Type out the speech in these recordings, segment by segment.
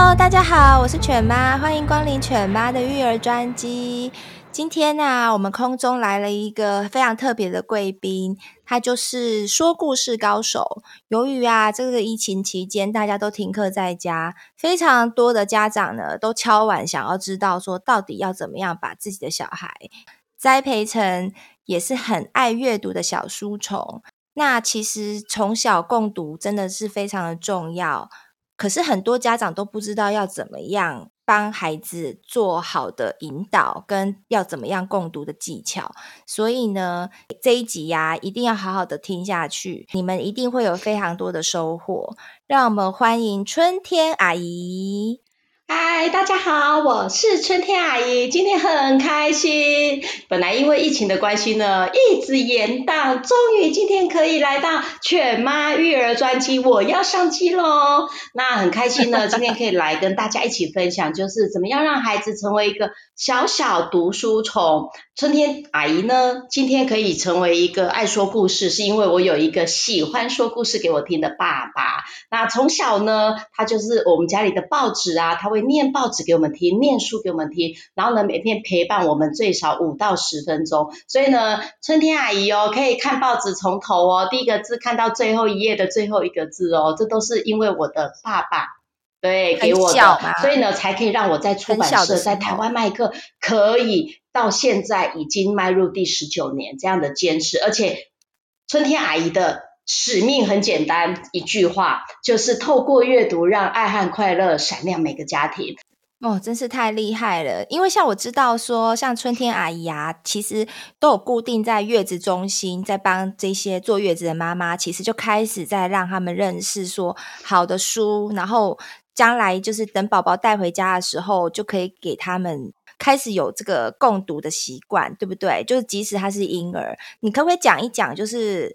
Hello，大家好，我是犬媽，歡迎光臨犬媽的育兒專機。今天呢、啊，我們空中來了一個非常特別的貴賓，他就是說故事高手。由於啊，這個疫情期間大家都停課在家，非常多的家長呢都敲碗，想要知道說到底要怎麼樣把自己的小孩栽培成也是很愛閱讀的小書蟲。那其實從小共讀真的是非常的重要。可是很多家長都不知道要怎麼樣幫孩子做好的引導，跟要怎麼樣共讀的技巧，所以呢，這一集呀，啊，一定要好好的聽下去，你們一定會有非常多的收穫。讓我們歡迎春天阿姨。嗨，大家好，我是春天阿姨，今天很開心。本來因為疫情的關係呢，一直延宕，終於今天可以來到《犬媽育兒專機》，我要上機嘍。那很開心呢， 今天可以來跟大家一起分享，就是怎麼樣讓孩子成為一個。小小讀書蟲，春天阿姨呢，今天可以成為一個愛說故事，是因為我有一個喜歡說故事給我聽的爸爸。那從小呢，他就是我們家裡的報紙啊，他會念報紙給我們聽，念書給我們聽，然後呢，每天陪伴我們最少五到十分鐘。所以呢，春天阿姨哦，可以看報紙從頭哦，第一個字看到最後一頁的最後一個字哦，這都是因為我的爸爸。對，給我的，所以呢，才可以讓我在出版社在台灣麥克，可以到現在已經邁入第十九年這樣的堅持。而且，春天阿姨的使命很簡單，一句話就是透過閱讀，讓愛和快樂閃亮每個家庭。哦，真是太厲害了！因為像我知道說，像春天阿姨啊，其實都有固定在月子中心，在幫這些坐月子的媽媽，其實就開始在讓他們認識說好的書，然後。將來就是等寶寶帶回家的時候，就可以給他們開始有這個共讀的習慣，對不對？就是即使他是嬰兒，你可不可以講一講，就是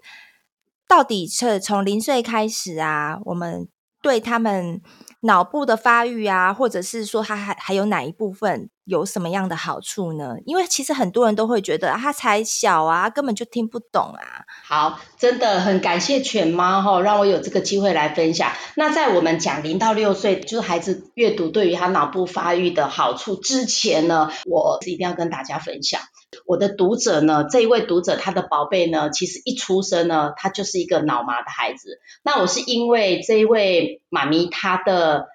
到底是從零歲開始啊，我們對他們腦部的發育啊，或者是說他還還有哪一部分？有什麼樣的好處呢？因為其實很多人都會覺得、啊、他才小啊，根本就聽不懂啊。好，真的很感謝犬媽哈、哦，讓我有這個機會來分享。那在我們講零到六歲，就是孩子閱讀對於他腦部發育的好處之前呢，我是一定要跟大家分享。我的讀者呢，這一位讀者他的寶貝呢，其實一出生呢，他就是一個腦麻的孩子。那我是因為這一位媽咪她的。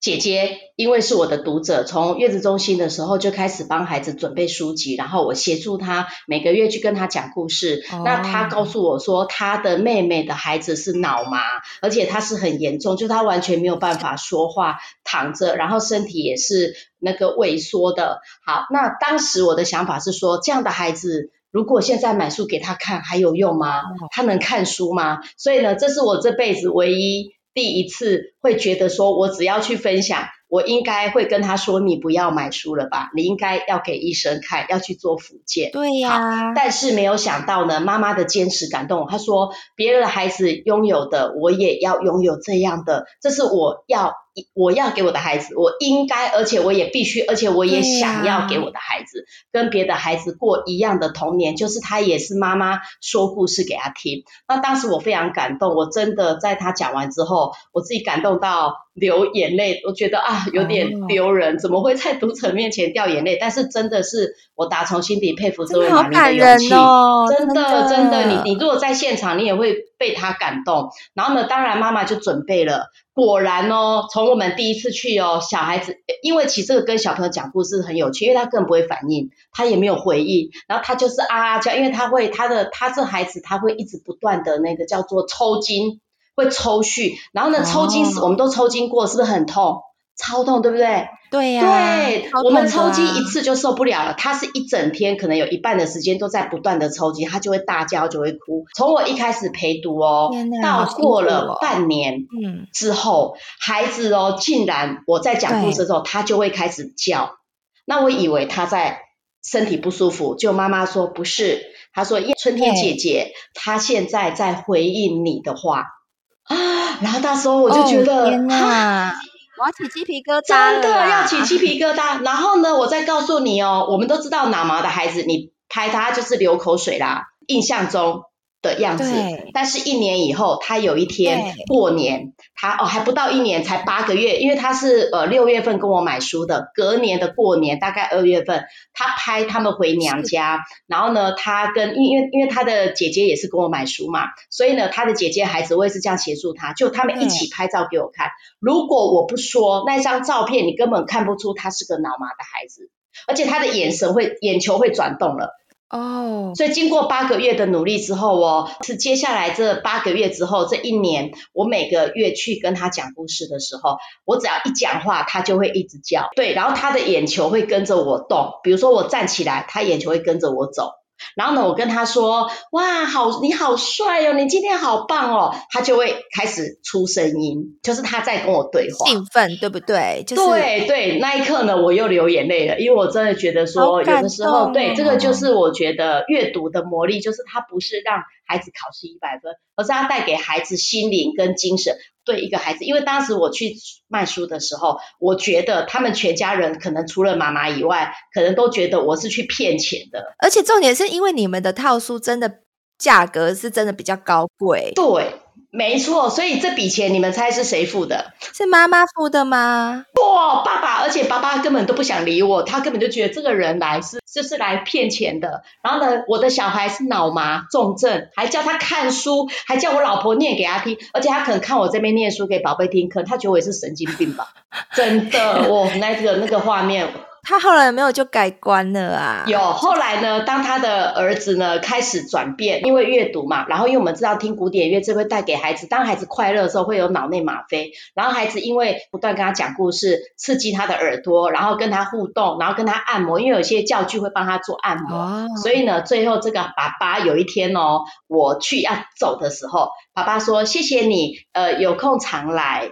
姐姐因為是我的讀者，從月子中心的時候就開始幫孩子準備書籍，然後我協助她每個月去跟她講故事。哦。那她告訴我說，她的妹妹的孩子是腦麻，而且她是很嚴重，就她完全沒有辦法說話，躺着，然後身體也是那個萎縮的。好，那當時我的想法是說，這樣的孩子如果現在買書給她看，還有用嗎？她能看書嗎？哦。所以呢，這是我這輩子唯一。第一次會覺得說，我只要去分享，我應該會跟他說，你不要買書了吧，你應該要給醫生看，要去做復健。對呀、啊，但是沒有想到呢，媽媽的堅持感動，她說，別人的孩子擁有的，我也要擁有這樣的，這是我要。我要給我的孩子，我應該，而且我也必須，而且我也想要給我的孩子，啊、跟別的孩子過一樣的童年，就是他也是媽媽說故事給他聽。那當時我非常感動，我真的在他講完之後，我自己感動到流眼淚，我覺得啊有點丟人，哦、怎麼會在讀者面前掉眼淚？但是真的是我打從心底佩服這位媽媽的勇氣，真的、哦、真的、真的、真的，你你如果在現場，你也會。被他感動，然後呢，當然媽媽就準備了，果然哦，從我們第一次去哦，小孩子因為其實這個跟小朋友講故事很有趣，因為他更不會反應，他也沒有回憶，然後他就是啊、啊叫，因為他會他的他這孩子他會一直不斷的那個叫做抽筋，會抽蓄。然後呢抽筋時，哦、我們都抽筋過，是不是很痛？超痛，對不對？對呀、對啊，我們抽筋一次就受不了了。他是一整天，可能有一半的時間都在不斷的抽筋，他就會大叫，就會哭。從我一開始陪讀哦，到過了、哦、半年，嗯，之後孩子哦，竟然，我在講故事的時候，他就會開始叫。那我以為他在身體不舒服，就媽媽說不是，他說因為春天姐姐，他現在在回應你的話啊。然後那時候我就覺得，哦、天我要起雞皮疙瘩，真的要起雞皮疙瘩。然後呢，我再告訴你哦，我們都知道腦麻的孩子，你拍他就是流口水啦，印象中。的樣子，但是，一年以後，他有一天過年，他哦，還不到一年，才八個月，嗯，因為他是呃六月份跟我買書的，隔年的過年，大概二月份，他拍他們回娘家，然後呢，他跟因為因為他的姐姐也是跟我買書嘛，所以呢，他的姐姐孩子，我也是這樣協助他，就他們一起拍照給我看。如果我不說，那張照片你根本看不出他是個腦麻的孩子，而且他的眼神會眼球會轉動了。哦，所以經過八個月的努力之後，哦，是接下來這八個月之後，這一年，我每個月去跟他講故事的時候，我只要一講話，他就會一直叫，對，然後他的眼球會跟着我動，比如說我站起來，他眼球會跟着我走。然後呢，我跟他說：“哇，好，你好帥哦，你今天好棒哦。”他就會開始出聲音，就是他在跟我對話，興奮對不對？就是對對，那一刻呢，我又流眼淚了，因為我真的覺得說，哦、有的時候對這個就是我覺得閱讀的魔力，就是它不是讓。孩子考試一百分，而是要帶給孩子心靈跟精神。對一個孩子，因為當時我去賣書的時候，我覺得他們全家人可能除了媽媽以外，可能都覺得我是去騙錢的。而且重點是因為你們的套書真的。價格是真的比較高貴，對，沒錯。所以這筆錢，你們猜是誰付的？是媽媽付的嗎？不、哦，爸爸，而且爸爸根本都不想理我，他根本就覺得這個人來是就是來騙錢的。然後呢，我的小孩是腦麻重症，還叫他看書，還叫我老婆念給他聽，而且他可能看我這邊念書給寶貝聽，可能他覺得我也是神經病吧。 真的，我、哦、那個那個畫面。 他後來有沒有就改觀了啊？有，後來呢，當他的兒子呢開始轉變，因為閱讀嘛，然後因為我們知道聽古典樂這會帶給孩子，當孩子快樂的時候會有腦內嗎啡，然後孩子因為不斷跟他講故事，刺激他的耳朵，然後跟他互動，然後跟他按摩，因為有些教具會幫他做按摩，所以呢，最後這個爸爸有一天哦，我去要走的時候，爸爸說謝謝你，呃，有空常來。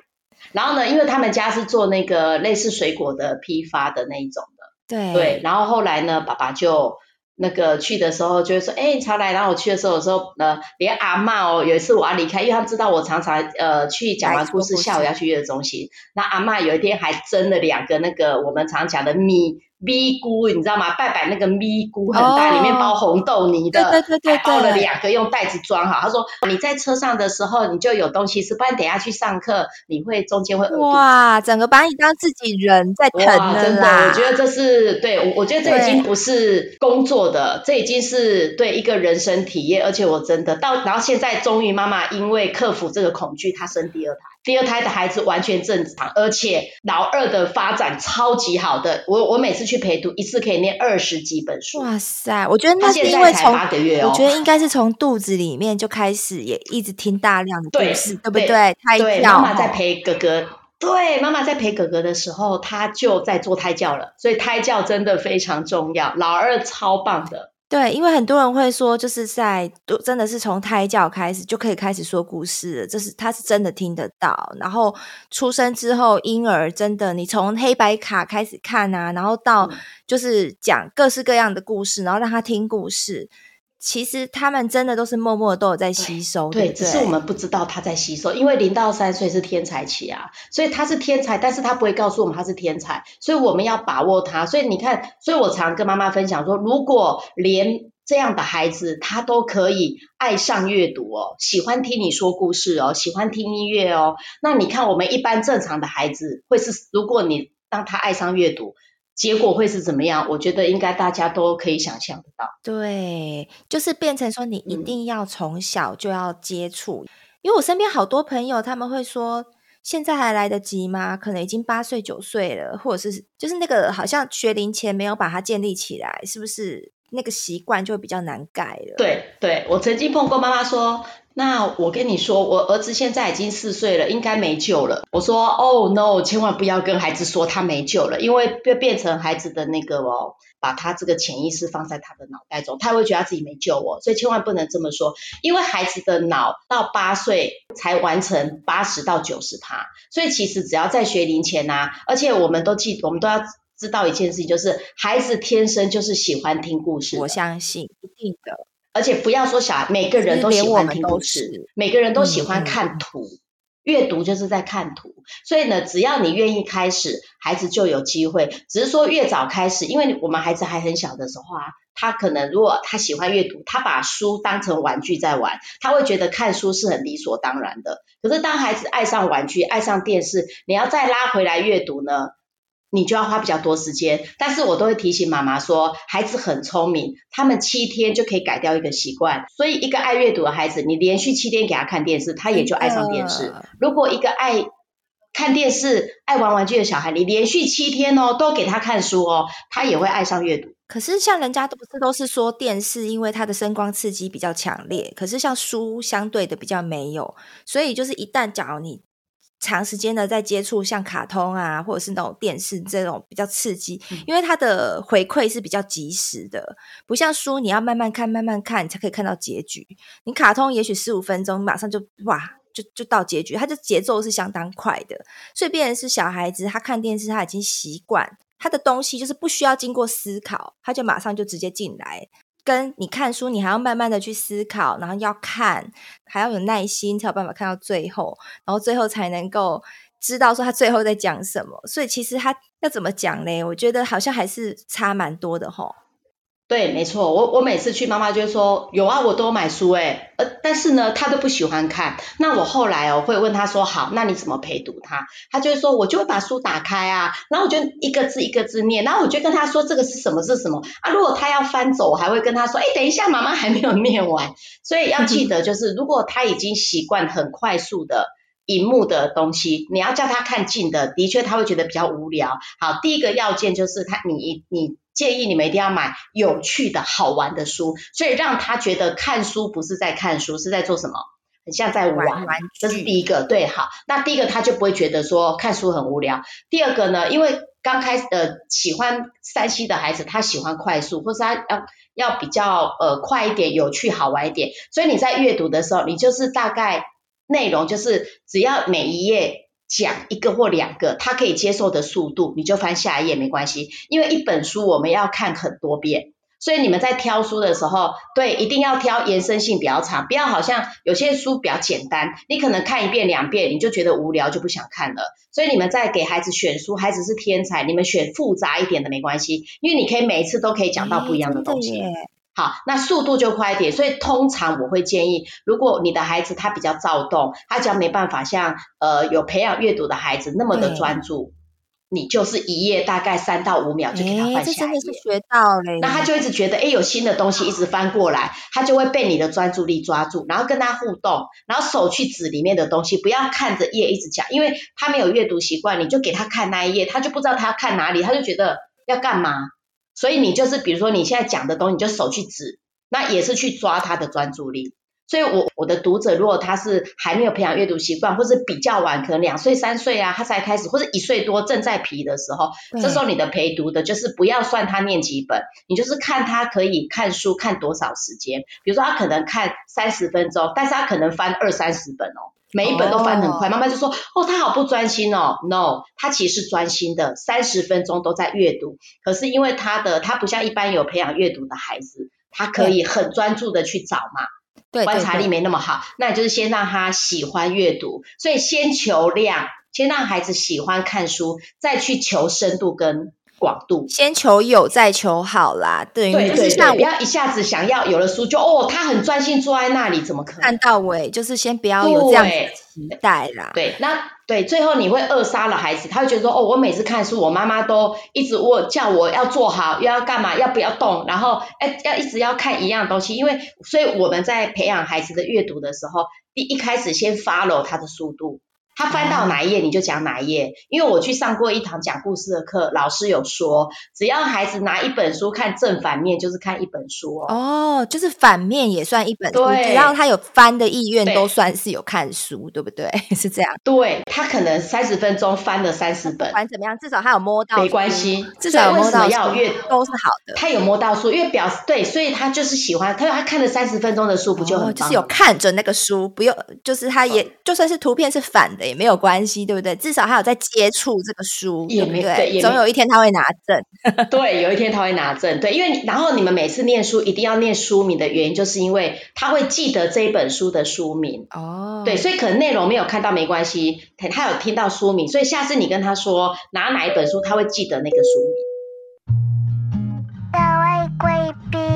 然後呢，因為他們家是做那個類似水果的批發的那一種的，對，對，然後後來呢，爸爸就那個去的時候，就會說，哎、欸，常來。然後我去的時候，我說，呃，連阿嬤哦，有一次我要離開，因為他知道我常常呃去講完故事，故事，下午要去月子中心。那阿嬤有一天還蒸了兩個那個我們常講的咪。咪咕，你知道嗎？拜拜那個咪咕很大，oh, 裡面包紅豆泥的，對對對對，對，對，對，包了兩個用袋子裝好。他說你在車上的時候你就有東西吃，不然等下去上課你會中間會餓。哇，整個把你當自己人在疼的啦！真的，我覺得這是對我，我覺得這已經不是工作的，這已經是對一個人生體驗。而且我真的到，然後現在終於媽媽因為克服這個恐懼，她生第二胎。第二胎的孩子完全正常，而且老二的發展超級好的。我我每次去陪讀，一次可以念二十幾本書。哇塞！我覺得那是因為從、他現在才八個月哦、我覺得應該是從肚子裡面就開始也一直聽大量的故事，對,對,對不對,對？胎教。媽媽在陪哥哥。對，媽媽在陪哥哥的時候，他就在做胎教了。所以胎教真的非常重要。老二超棒的。對，因為很多人會說，就是在都真的是從胎教開始就可以開始說故事，就是他是真的聽得到。然後出生之後，嬰兒真的你從黑白卡開始看啊，然後到就是講各式各樣的故事，然後讓他聽故事。其實他們真的都是默默的都有在吸收的對，對，只是我們不知道他在吸收，因為零到三歲是天才期啊，所以他是天才，但是他不會告訴我們他是天才，所以我們要把握他。所以你看，所以我常跟媽媽分享說，如果連這樣的孩子他都可以愛上閱讀哦，喜歡聽你說故事哦，喜歡聽音樂哦，那你看我們一般正常的孩子會是，如果你當他愛上閱讀。結果會是怎麼樣？我覺得應該大家都可以想象得到。對，就是變成說，你一定要從小就要接觸。嗯、因為我身邊好多朋友，他們會說，現在還來得及嗎？可能已經八歲九歲了，或者是就是那個好像學齡前沒有把它建立起來，是不是那個習慣就會比較難改了？對，對我曾經碰過媽媽說。那，我跟你說，我兒子現在已經四歲了，應該沒救了。我說，Oh no，千萬不要跟孩子說他沒救了，因為變變成孩子的那個哦，把他這個潛意識放在他的腦袋中，他會覺得他自己沒救哦。所以千萬不能這麼說，因為孩子的腦到八歲才完成八十到九十趴，所以其實只要在學齡前啊，而且我們都記，我們都要知道一件事情，就是孩子天生就是喜歡聽故事。我相信，一定的。而且不要說小孩，每個人都喜歡聽故事，嗯，每個人都喜歡看圖，嗯。閱讀就是在看圖，所以呢，只要你願意開始，孩子就有機會。只是說越早開始，因為我們孩子還很小的時候啊，他可能如果他喜歡閱讀，他把書當成玩具在玩，他會覺得看書是很理所當然的。可是當孩子愛上玩具、愛上電視，你要再拉回來閱讀呢？你就要花比較多時間，但是我都會提醒媽媽說，孩子很聰明，他們七天就可以改掉一個習慣。所以，一個愛閱讀的孩子，你連續七天給他看電視，他也就愛上電視。嗯、如果一個愛看電視、愛玩玩具的小孩，你連續七天哦、喔，都給他看書哦、喔，他也會愛上閱讀。可是，像人家都不是都是說電視，因為它的聲光刺激比較強烈，可是像書相對的比較沒有，所以就是一旦假如你。長時間的在接觸像卡通啊，或者是那種電視這種比較刺激，因為它的回饋是比較及時的，不像書你要慢慢看慢慢看，你才可以看到結局。你卡通也許十五分鐘，馬上就哇就就到結局，它的節奏是相當快的。所以變成是小孩子，他看電視，他已經習慣他的東西，就是不需要經過思考，他就馬上就直接進來。跟你看書，你還要慢慢的去思考，然後要看，還要有耐心才有辦法看到最後，然後最後才能夠知道說他最後在講什麼。所以其實他要怎麼講呢？我覺得好像還是差蠻多的吼。對，沒錯，我我每次去，媽媽就說有啊，我都買書誒、欸、呃，但是呢，他都不喜歡看。那我後來哦，我會問他說好，那你怎麼陪讀他？他就會說，我就會把書打開啊，然後我就一個字一個字念，然後我就跟他說這個是什麼是什麼啊。如果他要翻走，我還會跟他說，誒，等一下，媽媽還沒有念完。所以要記得，就是如果他已經習慣很快速的熒幕的東西，你要叫他看近的，的確他會覺得比較無聊。好，第一個要件就是他，你你。建議你們一定要買有趣的、好玩的書，所以讓他覺得看書不是在看書，是在做什麼？很像在玩，這是第一個對。好，那第一個他就不會覺得說看書很無聊。第二個呢，因為剛開始呃喜歡山西的孩子，他喜歡快速，或是他要要比較呃快一點、有趣好玩一點。所以你在閱讀的時候，你就是大概內容，就是只要每一頁。講一個或兩個，他可以接受的速度，你就翻下一頁沒關係。因為一本書我們要看很多遍，所以你們在挑書的時候，對，一定要挑延伸性比較長，不要好像有些書比較簡單，你可能看一遍兩遍你就覺得無聊就不想看了。所以你們在給孩子選書，孩子是天才，你們選複雜一點的沒關係，因為你可以每一次都可以講到不一樣的東西。欸好，那速度就快一點。所以通常我會建議，如果你的孩子他比較躁動，他只要沒辦法像呃有培養閱讀的孩子那麼的專注，你就是一頁大概三到五秒就給他翻下來，欸。這真的是學到嘞。那他就一直覺得誒、欸、有新的東西一直翻過來，他就會被你的專注力抓住，然後跟他互動，然後手去指裡面的東西，不要看着頁一直講，因為他沒有閱讀習慣，你就給他看那一頁，他就不知道他要看哪裡，他就覺得要幹嘛。所以你就是，比如說你現在講的東西，你就手去指，那也是去抓他的專注力。所以我，我我的讀者如果他是還沒有培養閱讀習慣，或是比較晚，可能兩歲三歲啊，他才開始，或是一歲多正在皮的時候，這時候你的陪讀的就是不要算他念幾本，你就是看他可以看書看多少時間。比如說他可能看三十分鐘，但是他可能翻二三十本哦。每一本都翻很快，媽媽，oh, no, no. 就說：“哦，他好不專心哦。” No，他其實是專心的，三十分鐘都在閱讀。可是因為他的他不像一般有培養閱讀的孩子，他可以很專注的去找嘛。對、yeah.，觀察力沒那麼好，那你就是先讓他喜歡閱讀，所以先求量，先讓孩子喜歡看書，再去求深度跟。廣度，先求有，再求好啦。對，對對對，就是不要一下子想要有了書就哦，他很專心坐在那裡，怎麼可能看到尾？就是先不要有這樣子的期待啦。對，對那對，最後你會扼殺了孩子，他會覺得說哦，我每次看書，我媽媽都一直我叫我要坐好，又要幹嘛，要不要動？然後哎，要一直要看一樣東西，因為所以我們在培養孩子的閱讀的時候，第一開始先 follow 他的速度。他翻到哪一頁，你就講哪一頁。因為我去上過一堂講故事的課，老師有說，只要孩子拿一本書看正反面，就是看一本書哦，哦。就是反面也算一本書，對，只要他有翻的意願，都算是有看書，對，對不對？是這樣。對，他可能三十分鐘翻了三十本，不管怎麼樣，至少他有摸到書，沒關係，至少有摸到書。要越都是好的，他有摸到書，因為表示對，所以他就是喜歡，他他看了三十分鐘的書，不就很好、哦、就是有看着那個書，不用就是他也、哦、就算是圖片是反的。也沒有關係，對不對？至少他有在接觸這個書，也沒對，對，對也沒，總有一天他會拿證。對， 有一天他會拿證。對，因為然後你們每次念書一定要念書名的原因，就是因為他會記得這一本書的書名。哦，對，所以可能內容沒有看到沒關係，他有聽到書名，所以下次你跟他說拿哪一本書，他會記得那個書名。各位貴賓。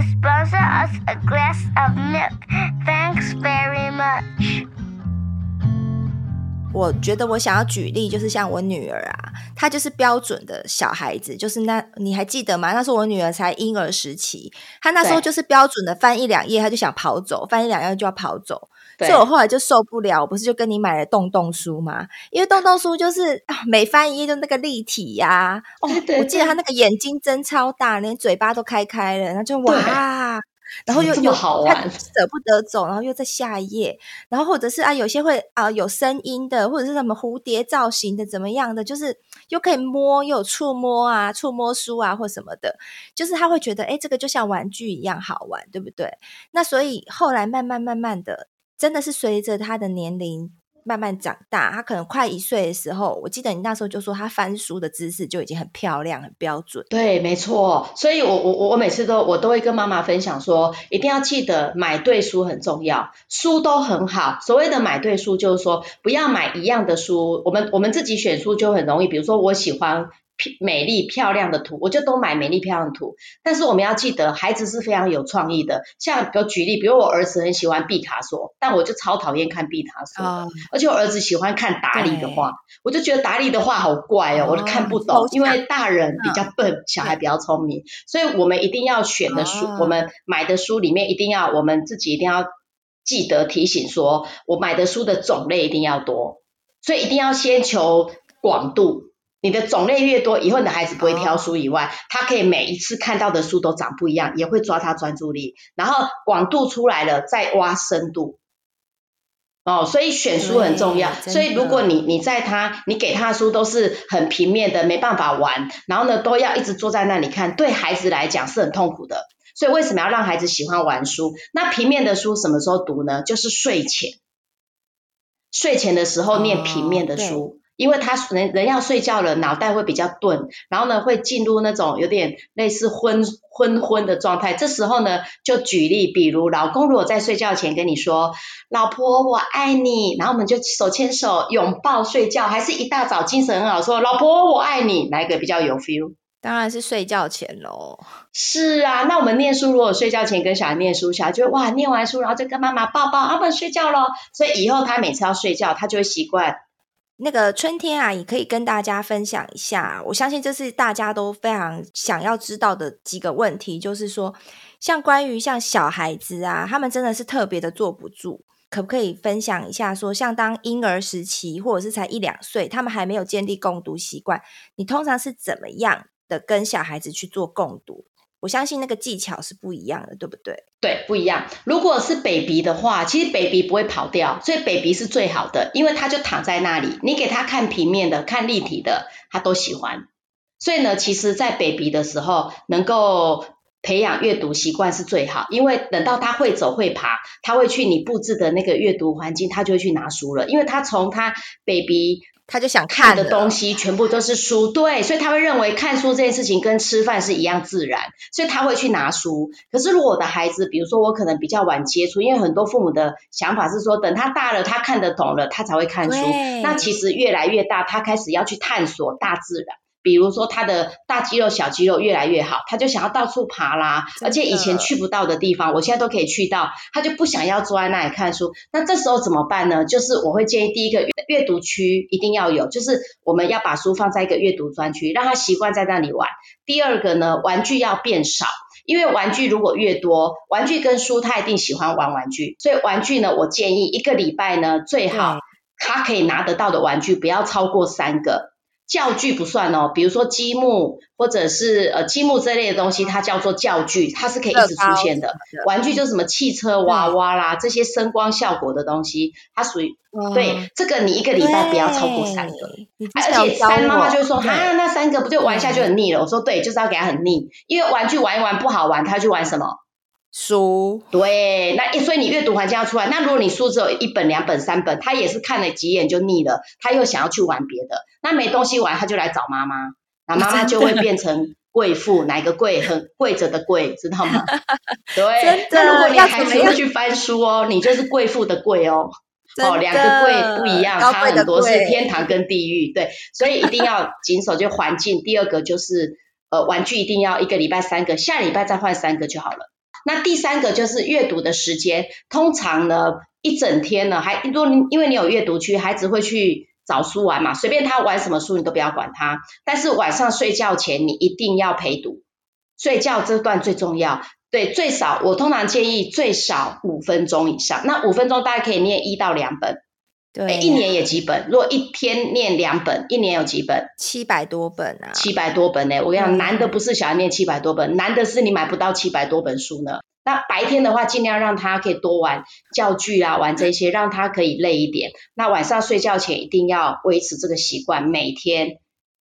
sponsor us a glass of milk. Thanks very much. 我覺得我想要舉例，就是像我女兒啊，她就是標準的小孩子，就是那你還記得嗎？那是我女兒才嬰兒時期，她那時候就是標準的翻一兩頁，她就想跑走，翻一兩頁就要跑走。所以我後來就受不了，我不是就跟你買了洞洞書嗎？因為洞洞書就是每翻一頁就那個立體呀、啊，哦，我記得他那個眼睛真超大，連嘴巴都開開了，然後就哇，然後又又好玩，他捨不得走，然後又在下一頁，然後或者是啊，有些會啊、呃、有聲音的，或者是什麼蝴蝶造型的，怎麼樣的，就是又可以摸，又有觸摸啊，觸摸書啊或什麼的，就是他會覺得哎、欸，這個就像玩具一樣好玩，對不對？那所以後來慢慢慢慢的。真的是隨着他的年齡慢慢長大，他可能快一歲的時候，我記得你那時候就說他翻書的姿勢就已經很漂亮、很標準。對，沒錯。所以我我我每次都我都會跟媽媽分享說，一定要記得買對書很重要。書都很好，所謂的買對書就是說不要買一樣的書。我們我們自己選書就很容易，比如說我喜歡。美麗漂亮的圖，我就都買美麗漂亮的圖。但是我們要記得，孩子是非常有創意的。像，比如舉例，比如我兒子很喜歡畢卡索，但我就超討厭看畢卡索、嗯。而且我兒子喜歡看達利的畫，我就覺得達利的畫好怪、喔、哦，我都看不懂、哦。因為大人比較笨，嗯、小孩比較聰明，所以我們一定要選的書、哦，我們買的書裡面一定要，我們自己一定要記得提醒說，我買的書的種類一定要多，所以一定要先求廣度。你的種類越多，以後你的孩子不會挑書以外，哦，他可以每一次看到的書都長不一樣，也會抓他專注力。然後廣度出來了，再挖深度。哦，所以選書很重要。嗯，所以如果你你在他，你給他的書都是很平面的，沒辦法玩。然後呢，都要一直坐在那裡看，對孩子來講是很痛苦的。所以為什麼要讓孩子喜歡玩書？那平面的書什麼時候讀呢？就是睡前。睡前的時候念平面的書。哦因為他人人要睡覺了，腦袋會比較鈍，然後呢，會進入那種有點類似昏昏昏的狀態。這時候呢，就舉例，比如老公如果在睡覺前跟你說：“老婆，我愛你。”然後我們就手牽手擁抱睡覺，還是一大早精神很好說：“老婆，我愛你。”哪個比較有 feel？當然是睡覺前嘍。是啊，那我們念書，如果睡覺前跟小孩念書，小孩就會哇，念完書然後就跟媽媽抱抱，啊，我們睡覺嘍。所以以後他每次要睡覺，他就會習慣。那個春天啊，也可以跟大家分享一下。我相信這是大家都非常想要知道的幾個問題，就是說，像關於像小孩子啊，他們真的是特別的坐不住。可不可以分享一下，說像當嬰兒時期，或者是才一兩歲，他們還沒有建立共讀習慣，你通常是怎麼樣的跟小孩子去做共讀？我相信那個技巧是不一樣的，對不對？對，不一樣。如果是 baby 的話，其實 baby 不會跑掉，所以 baby 是最好的，因為他就躺在那裡，你給他看平面的、看立體的，他都喜歡。所以呢，其實，在 baby 的時候，能夠培養閱讀習慣是最好，因為等到他會走會爬，他會去你布置的那個閱讀環境，他就會去拿書了，因為他從他 baby。他就想看的東西全部都是書，對，所以他會認為看書這件事情跟吃飯是一樣自然，所以他會去拿書。可是，如果我的孩子，比如說我可能比較晚接觸，因為很多父母的想法是說，等他大了，他看得懂了，他才會看書。那其實越來越大，他開始要去探索大自然。比如說他的大肌肉、小肌肉越來越好，他就想要到處爬啦。而且以前去不到的地方，我現在都可以去到。他就不想要坐在那裡看書。那這時候怎麼辦呢？就是我會建議第一個，閱讀區一定要有，就是我們要把書放在一個閱讀專區，讓他習慣在那裡玩。第二個呢，玩具要變少，因為玩具如果越多，玩具跟書他一定喜歡玩玩具。所以玩具呢，我建議一個禮拜呢，最好他可以拿得到的玩具不要超過三個。教具不算哦，比如說積木或者是呃積木這類的東西，嗯，它叫做教具，它是可以一直出現的。的玩具就是什麼汽車、嗯、娃娃啦，這些聲光效果的東西，它屬於、嗯、對，這個你一個禮拜不要超過三個。而且三媽媽就說啊，那三個不就玩一下就很膩了？我說對，就是要給他很膩，因為玩具玩一玩不好玩，他要去玩什麼？書。對，那所以你閱讀環境要出來。那如果你書只有一本、兩本、三本，他也是看了幾眼就膩了，他又想要去玩別的。那沒東西玩，他就來找媽媽，那媽媽就會變成貴婦，哪一個貴？很貴者的貴，知道嗎？ 對，那如果你孩子要去翻書哦， 你就是貴婦的貴哦的。哦，兩個貴不一樣，差很多，是天堂跟地獄。 對，所以一定要謹守就環境。 第二個就是呃，玩具一定要一個禮拜三個，下禮拜再換三個就好了。那第三個就是閱讀的時間，通常呢，一整天呢，還因為你有閱讀區，孩子會去找書玩嘛，隨便他玩什麼書，你都不要管他。但是晚上睡覺前，你一定要陪讀，睡覺這段最重要。對，最少我通常建議最少五分鐘以上，那五分鐘大概可以念一到兩本。對一年有幾本，如果一天念兩本，一年有幾本？七百多本啊！七百多本呢、欸？我跟你講，難的不是想要念七百多本，難、嗯、的是你買不到七百多本書呢。那白天的話，尽量讓他可以多玩教具啊，玩這些，讓他可以累一點、嗯。那晚上睡覺前一定要維持這個習慣，每天。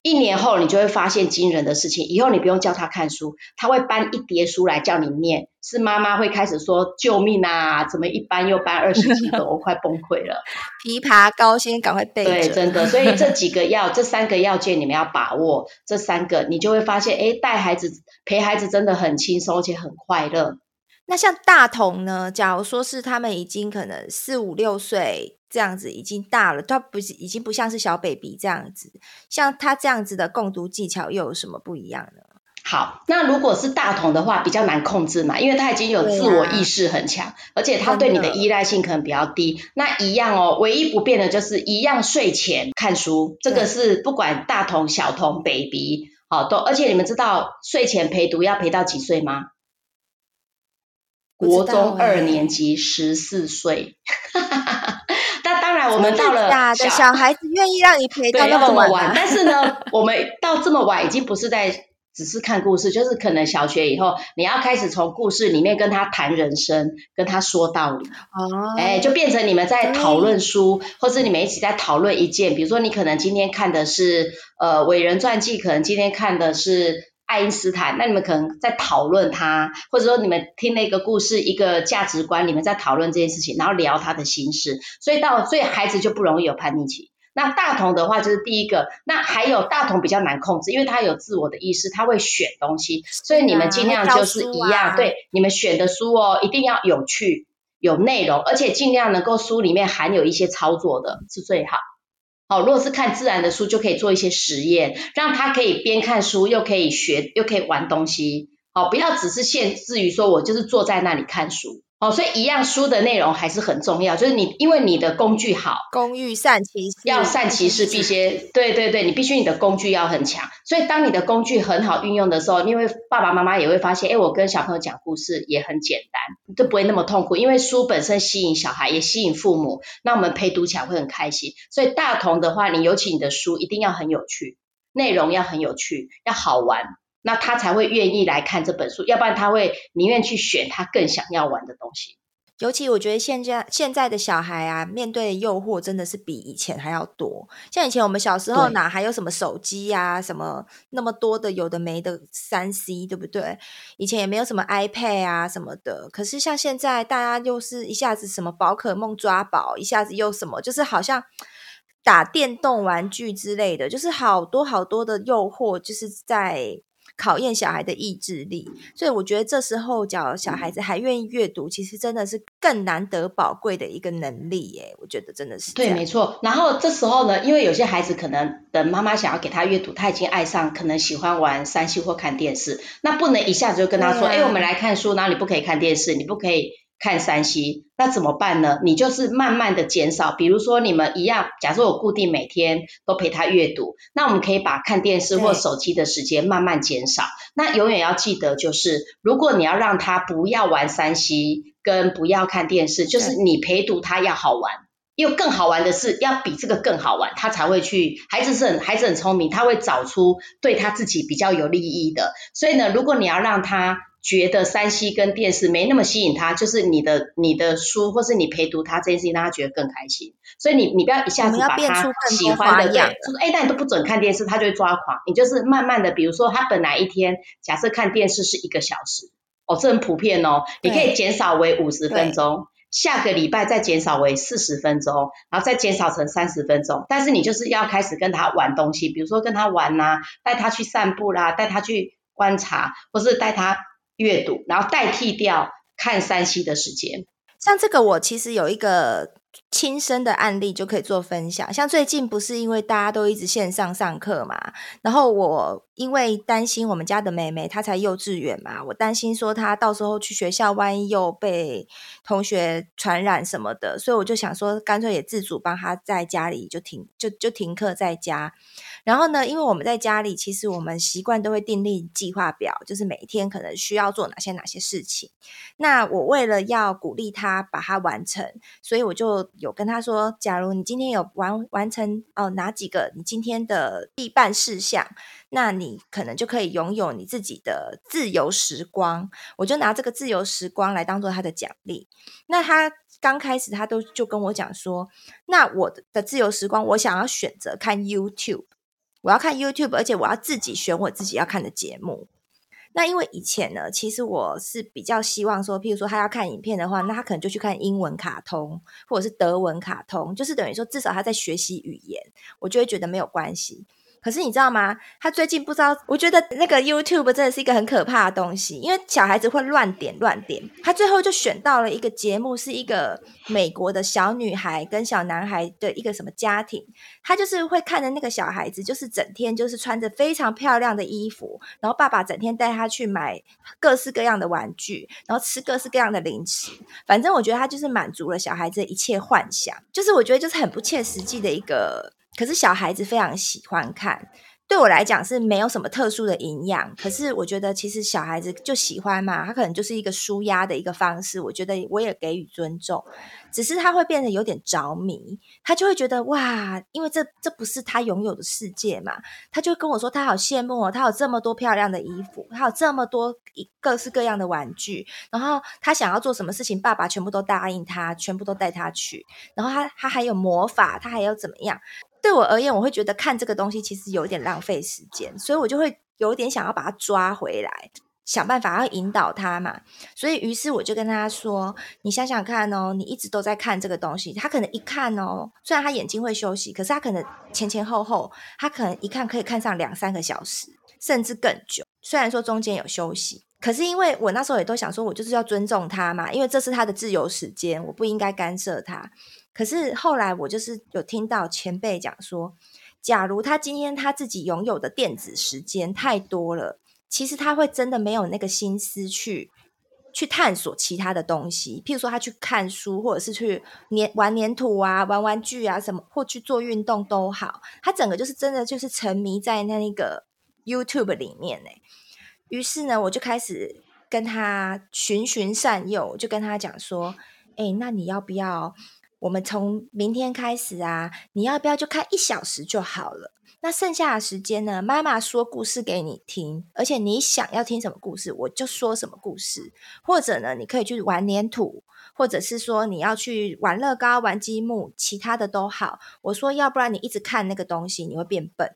一年後，你就會發現驚人的事情。以後你不用叫他看書，他會搬一疊書來叫你念。是媽媽會開始說：“救命啊！怎麼一搬又搬二十幾個 我快崩潰了。”琵琶高，先趕快背。對，真的。所以這幾個要， 這三個要件，你們要把握。這三個，你就會發現，誒，帶孩子、陪孩子真的很輕鬆，而且很快樂。那像大童呢？假如說是他們已經可能四五六歲，這樣子已經大了，他不是已經不像是小 baby 這樣子，像他這樣子的共讀技巧又有什麼不一樣呢？好，那如果是大童的話，比較難控制嘛，因為他已經有自我意識很強、啊，而且他對你的依賴性可能比較低。那一樣哦，唯一不變的就是一樣睡前看書，這個是不管大童、小童、baby 好、哦、都，而且你們知道睡前陪讀要陪到幾歲嗎？國中二年級十四歲。 啊、我們到了小，到的小孩子願意讓你陪到這麼晚，啊， 但是呢，我們到這麼晚已經不是在只是看故事， 就是可能小學以後你要開始從故事裡面跟他談人生，跟他說道理，哦，哎，就變成你們在討論書，或是你們一起在討論一件，比如說你可能今天看的是呃偉人傳記，可能今天看的是。愛因斯坦，那你們可能在討論他，或者說你們聽那個故事，一個價值觀，你們在討論這件事情，然後聊他的心事，所以到所以孩子就不容易有叛逆期。那大童的話就是第一個，那還有大童比較難控制，因為他有自我的意識，他會選東西，所以你們盡量就是一樣，啊啊、對，你們選的書哦，一定要有趣、有內容，而且盡量能夠書裡面含有一些操作的，是最好。好、哦，如果是看自然的書，就可以做一些實驗，讓他可以邊看書又可以學又可以玩東西。好、哦，不要只是限制於說，我就是坐在那裡看書。哦，所以一樣書的內容還是很重要，就是你因為你的工具好，工欲善其事要善其事必些，必先，對對對，你必須你的工具要很強。所以當你的工具很好運用的時候，因為爸爸媽媽也會發現，哎、欸，我跟小朋友講故事也很簡單，就不會那麼痛苦，因為書本身吸引小孩，也吸引父母，那我們陪讀起來會很開心。所以大童的話，你尤其你的書一定要很有趣，內容要很有趣，要好玩。那他才會願意來看這本書，要不然他會寧願去選他更想要玩的東西。尤其我覺得現在現在的小孩啊，面對的誘惑真的是比以前還要多。像以前我們小時候哪還有什麼手機呀、啊，什麼那麼多的有的沒的三 C，對不對？以前也沒有什麼 iPad 啊什麼的。可是像現在大家又是一下子什麼寶可夢抓寶，一下子又什麼，就是好像打電動玩具之類的，就是好多好多的誘惑，就是在。考驗小孩的意志力，所以我覺得這時候假如小孩子還願意閱讀、嗯，其實真的是更難得寶貴的一個能力耶。我覺得真的是對，沒錯。然後這時候呢，因為有些孩子可能等媽媽想要給他閱讀，他已經愛上，可能喜歡玩三 C 或看電視，那不能一下子就跟他說：“哎、啊欸，我們來看書，然後你不可以看電視，你不可以。”看 3C，那怎麼辦呢？你就是慢慢的減少，比如說你們一樣，假設我固定每天都陪他閱讀，那我們可以把看電視或手機的時間慢慢減少。那永遠要記得，就是如果你要讓他不要玩 3C 跟不要看電視，就是你陪讀他要好玩，因為更好玩的是要比這個更好玩，他才會去。孩子是很孩子很聰明，他會找出對他自己比較有利益的。所以呢，如果你要讓他。覺得 3C 跟電視沒那麼吸引他，就是你的你的書或是你陪讀他這件事情讓他覺得更開心，所以你你不要一下子把他喜歡的對，誒、欸、但你都不准看電視，他就會抓狂。你就是慢慢的，比如說他本來一天假設看電視是一個小時，哦，這很普遍哦，你可以減少為五十分鐘，下個禮拜再減少為四十分鐘，然後再減少成三十分鐘。但是你就是要開始跟他玩東西，比如說跟他玩吶、啊，帶他去散步啦，帶他去觀察，或是帶他。閱讀，然後代替掉看 3C 的時間。像這個，我其實有一個親身的案例就可以做分享。像最近不是因為大家都一直線上上課嘛，然後我因為擔心我們家的妹妹，她才幼稚園嘛，我擔心說她到時候去學校，萬一又被同學傳染什麼的，所以我就想說，乾脆也自主幫她在家裡就停就就停課在家。然後呢，因為我們在家裡，其實我們習慣都會訂立計劃表，就是每一天可能需要做哪些哪些事情。那我為了要鼓勵他把它完成，所以我就有跟他說：假如你今天有完，完成，哦，哪幾個你今天的必辦事項，那你可能就可以擁有你自己的自由時光。我就拿這個自由時光來當做他的獎勵。那他剛開始他都就跟我講說：那我的自由時光，我想要選擇看 YouTube。我要看 YouTube，而且我要自己選我自己要看的節目。那因為以前呢，其實我是比較希望說，譬如說他要看影片的話，那他可能就去看英文卡通或者是德文卡通，就是等於說至少他在學習語言，我就會覺得沒有關係。可是你知道嗎？他最近不知道，我覺得那個 YouTube 真的是一個很可怕的東西，因為小孩子會亂點亂點。他最後就選到了一個節目，是一個美國的小女孩跟小男孩的一個什麼家庭。他就是會看着那個小孩子，就是整天就是穿着非常漂亮的衣服，然後爸爸整天帶他去買各式各樣的玩具，然後吃各式各樣的零食。反正我覺得他就是滿足了小孩子的一切幻想，就是我覺得就是很不切實際的一個。可是小孩子非常喜歡看，對我來講是沒有什麼特殊的營養。可是我覺得，其實小孩子就喜歡嘛，他可能就是一個舒壓的一個方式。我覺得我也給予尊重，只是他會變得有點着迷，他就會覺得哇，因為這這不是他擁有的世界嘛。他就跟我說，他好羨慕哦，他有這麼多漂亮的衣服，他有這麼多一各式各樣的玩具。然後他想要做什麼事情，爸爸全部都答應他，全部都帶他去。然後他他還有魔法，他還有怎麼樣？對我而言，我會覺得看這個東西其實有點浪費時間，所以我就會有點想要把它抓回來，想辦法要引導他嘛。所以於是我就跟他說：“你想想看哦，你一直都在看這個東西，他可能一看哦，雖然他眼睛會休息，可是他可能前前後後，他可能一看可以看上兩三個小時，甚至更久。雖然說中間有休息，可是因為我那時候也都想說，我就是要尊重他嘛，因為這是他的自由時間，我不應該干涉他。”可是後來我就是有聽到前輩講說，假如他今天他自己擁有的電子時間太多了，其實他會真的沒有那個心思去去探索其他的東西，譬如說他去看書，或者是去玩黏土啊、玩玩具啊什麼，或去做運動都好，他整個就是真的就是沉迷在那個 YouTube 裡面呢、欸。於是呢，我就開始跟他循循善誘，就跟他講說：哎、欸，那你要不要？我們從明天開始啊，你要不要就看一小時就好了？那剩下的時間呢，媽媽說故事給你聽，而且你想要聽什麼故事，我就說什麼故事。或者呢，你可以去玩黏土，或者是說你要去玩樂高、玩積木，其他的都好。我說，要不然你一直看那個東西，你會變笨。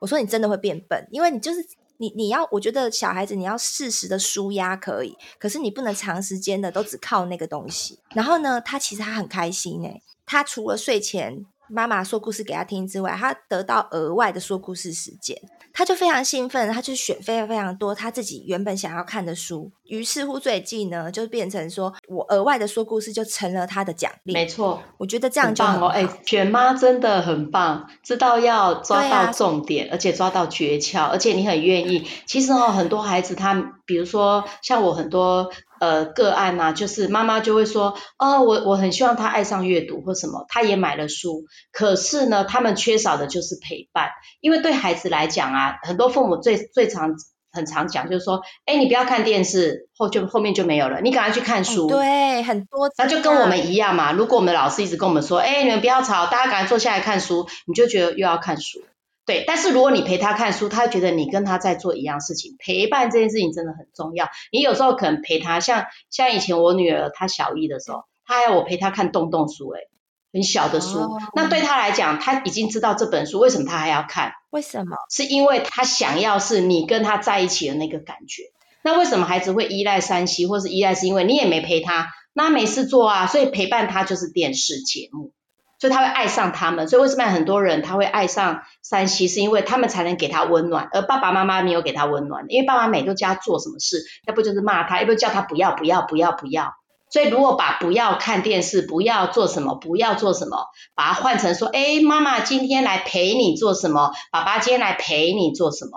我說，你真的會變笨，因為你就是。你你要，我覺得小孩子你要適時的舒壓可以，可是你不能長時間的都只靠那個東西。然後呢，他其實他很開心誒，他除了睡前媽媽說故事給他聽之外，他得到額外的說故事時間，他就非常興奮，他就選非常非常多他自己原本想要看的書。於是乎，最近呢，就變成說我額外的說故事就成了他的獎勵。沒錯，我覺得這樣就很好。很棒哦。哎，欸，卷媽真的很棒，知道要抓到重點，啊。而且抓到訣竅，而且你很願意。其實哦，很多孩子他，比如說像我很多呃個案啊，就是媽媽就會說哦，我我很希望他愛上閱讀或什麼，他也買了書，可是呢，他們缺少的就是陪伴，因為對孩子來講啊，很多父母最最常。很常講，就是說，誒、欸、你不要看電視，後就後面就沒有了，你趕快去看書。欸、對，很多，那就跟我們一樣嘛。如果我們老師一直跟我們說，誒、欸、你們不要吵，大家趕快坐下來看書，你就覺得又要看書。對，但是如果你陪他看書，他覺得你跟他在做一樣事情，陪伴，這件事情真的很重要。你有時候可能陪他，像像以前我女兒她小一的時候，她要我陪她看洞洞書、欸，誒很小的書，那對他來講，他已經知道這本書，為什麼他還要看？為什麼？是因為他想要是你跟他在一起的那個感覺。那為什麼孩子會依賴 3C，或是依賴？是因為你也沒陪他，那他沒事做啊，所以陪伴他就是電視節目，所以他會愛上他們。所以為什麼很多人他會愛上 3C？是因為他們才能給他溫暖，而爸爸媽媽沒有給他溫暖，因為爸爸每都叫他做什麼事，要不就是罵他，要不叫他不要不要不要不要。不要不要所以，如果把不要看電視、不要做什麼、不要做什麼，把它換成說：“哎、欸，媽媽今天來陪你做什麼？爸爸今天來陪你做什麼？”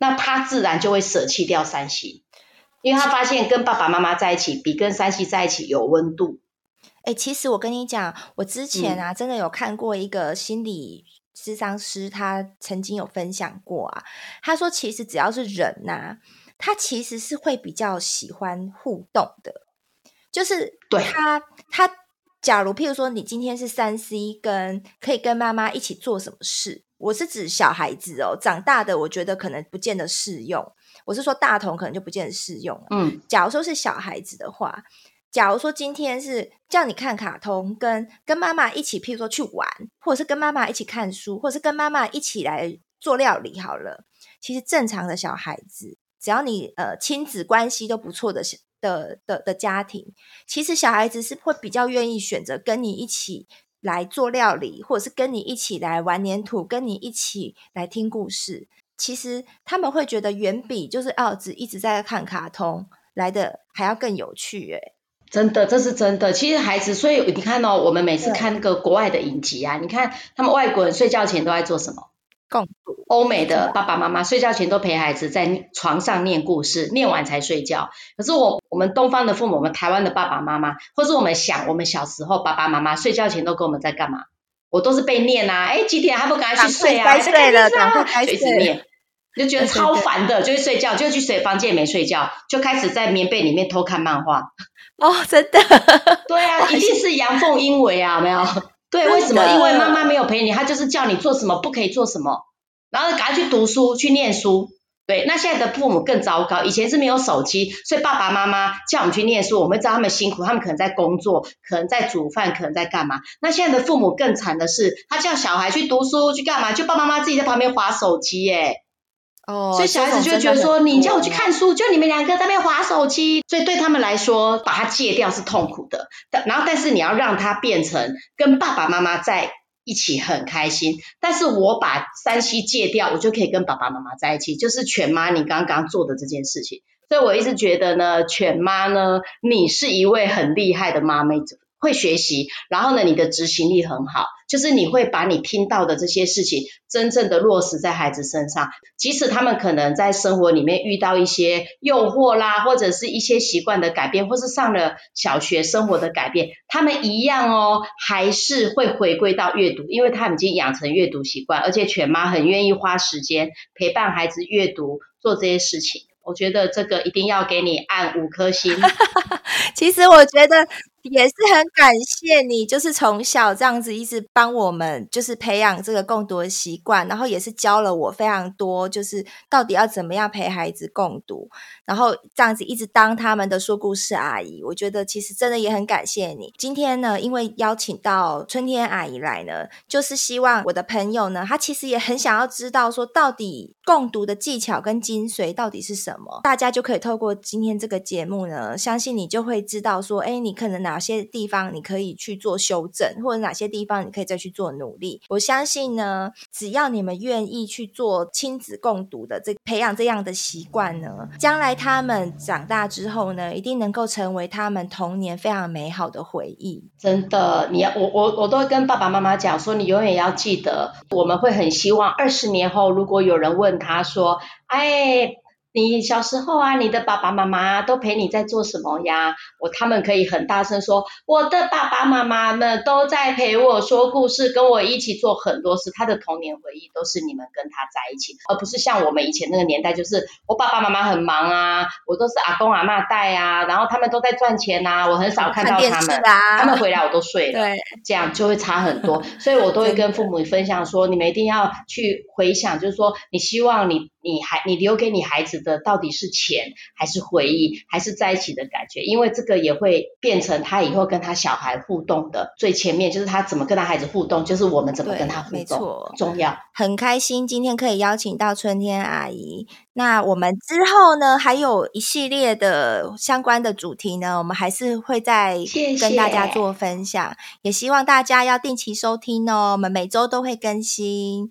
那他自然就會捨棄掉 3C，因為他發現跟爸爸媽媽在一起比跟 3C 在一起有溫度。哎、欸，其實我跟你講，我之前啊，真的有看過一個心理諮商師、嗯，他曾經有分享過啊，他說，其實只要是人吶、啊，他其實是會比較喜歡互動的。就是他對，他假如譬如說，你今天是三 C，跟可以跟媽媽一起做什麼事？我是指小孩子哦，長大的我覺得可能不見得適用。我是說大童可能就不見得適用了。嗯，假如說是小孩子的話，假如說今天是叫你看卡通跟、跟跟媽媽一起，譬如說去玩，或者是跟媽媽一起看書，或者是跟媽媽一起來做料理好了。其實正常的小孩子，只要你呃親子關係都不錯的的的的家庭，其實小孩子是會比較願意選擇跟你一起來做料理，或者是跟你一起來玩黏土，跟你一起來聽故事。其實他們會覺得遠比就是兒子一直在看卡通來的還要更有趣誒。真的，這是真的。其實孩子，所以你看哦，我們每次看那個國外的影集啊，你看他們外國人睡覺前都在做什麼？歐美的爸爸媽媽睡覺前都陪孩子在床上念故事，念完才睡覺。可是我我們東方的父母，我們台灣的爸爸媽媽，或是我們想我們小時候爸爸媽媽睡覺前都跟我們在幹嘛？我都是被念啊，哎、欸，幾點還不趕快去睡啊之類的，趕快開始睡，就覺得超煩的，就去睡覺，就去睡房間沒睡覺，就開始在棉被裡面偷看漫畫。哦，真的？ 對啊，一定是陽奉陰違啊， 有沒有。對，為什麼？因為媽媽沒有陪你，他就是叫你做什麼，不可以做什麼，然後趕快去讀書，去念書。對，那現在的父母更糟糕。以前是沒有手機，所以爸爸媽媽叫我們去念書，我們會知道他們辛苦，他們可能在工作，可能在煮飯，可能在幹嘛。那現在的父母更慘的是，他叫小孩去讀書去幹嘛？就爸爸媽媽自己在旁邊滑手機耶。Oh, 所以小孩子就覺得說，你叫我去看書，就你們兩個在那邊滑手機。所以對他們來說，把它戒掉是痛苦的。但然後，但是你要讓他變成跟爸爸媽媽在一起很開心。但是我把三 C 戒掉，我就可以跟爸爸媽媽在一起。就是犬媽，你剛剛做的這件事情。所以我一直覺得呢，犬媽呢，你是一位很厲害的媽咪者。會學習，然後呢，你的執行力很好，就是你會把你聽到的這些事情，真正的落實在孩子身上。即使他們可能在生活裡面遇到一些誘惑啦，或者是一些習慣的改變，或是上了小學生活的改變，他們一樣哦，還是會回歸到閱讀，因為他們已經養成閱讀習慣，而且犬媽很願意花時間陪伴孩子閱讀，做這些事情。我覺得這個一定要給你按五顆星。 其實我覺得。也是很感謝你，就是從小這樣子一直幫我們，就是培養這個共讀的習慣，然後也是教了我非常多，就是到底要怎麼樣陪孩子共讀，然後這樣子一直當他們的說故事阿姨。我覺得其實真的也很感謝你。今天呢，因為邀請到春天阿姨來呢，就是希望我的朋友呢，他其實也很想要知道說，到底共讀的技巧跟精髓到底是什麼，大家就可以透過今天這個節目呢，相信你就會知道說，哎，你可能哪。哪些地方你可以去做修正，或者哪些地方你可以再去做努力？我相信呢，只要你們願意去做親子共讀的這個、培養這樣的習慣呢，將來他們長大之後呢，一定能夠成為他們童年非常美好的回憶。真的，你要我我我都會跟爸爸媽媽講說，你永遠要記得，我們會很希望二十年後，如果有人問他說：“哎。”你小時候啊，你的爸爸媽媽都陪你在做什麼呀？我他們可以很大聲說，我的爸爸媽媽們都在陪我說故事，跟我一起做很多事。他的童年回憶都是你們跟他在一起，而不是像我們以前那個年代，就是我爸爸媽媽很忙啊，我都是阿公阿嬤帶啊，然後他們都在賺錢啊，我很少看到他們，啊、他們回來我都睡了對，這樣就會差很多。所以我都會跟父母分享說， 你們一定要去回想，就是說你希望你，你還你留給你孩子。的到底是錢還是回憶，還是在一起的感覺？因為這個也會變成他以後跟他小孩互動的最前面，就是他怎麼跟他孩子互動，就是我們怎麼跟他互動，沒錯，重要。很開心今天可以邀請到春天阿姨。那我們之後呢，還有一系列的相關的主題呢，我們還是會再跟大家做分享。謝謝。也希望大家要定期收聽哦，我們每周都會更新。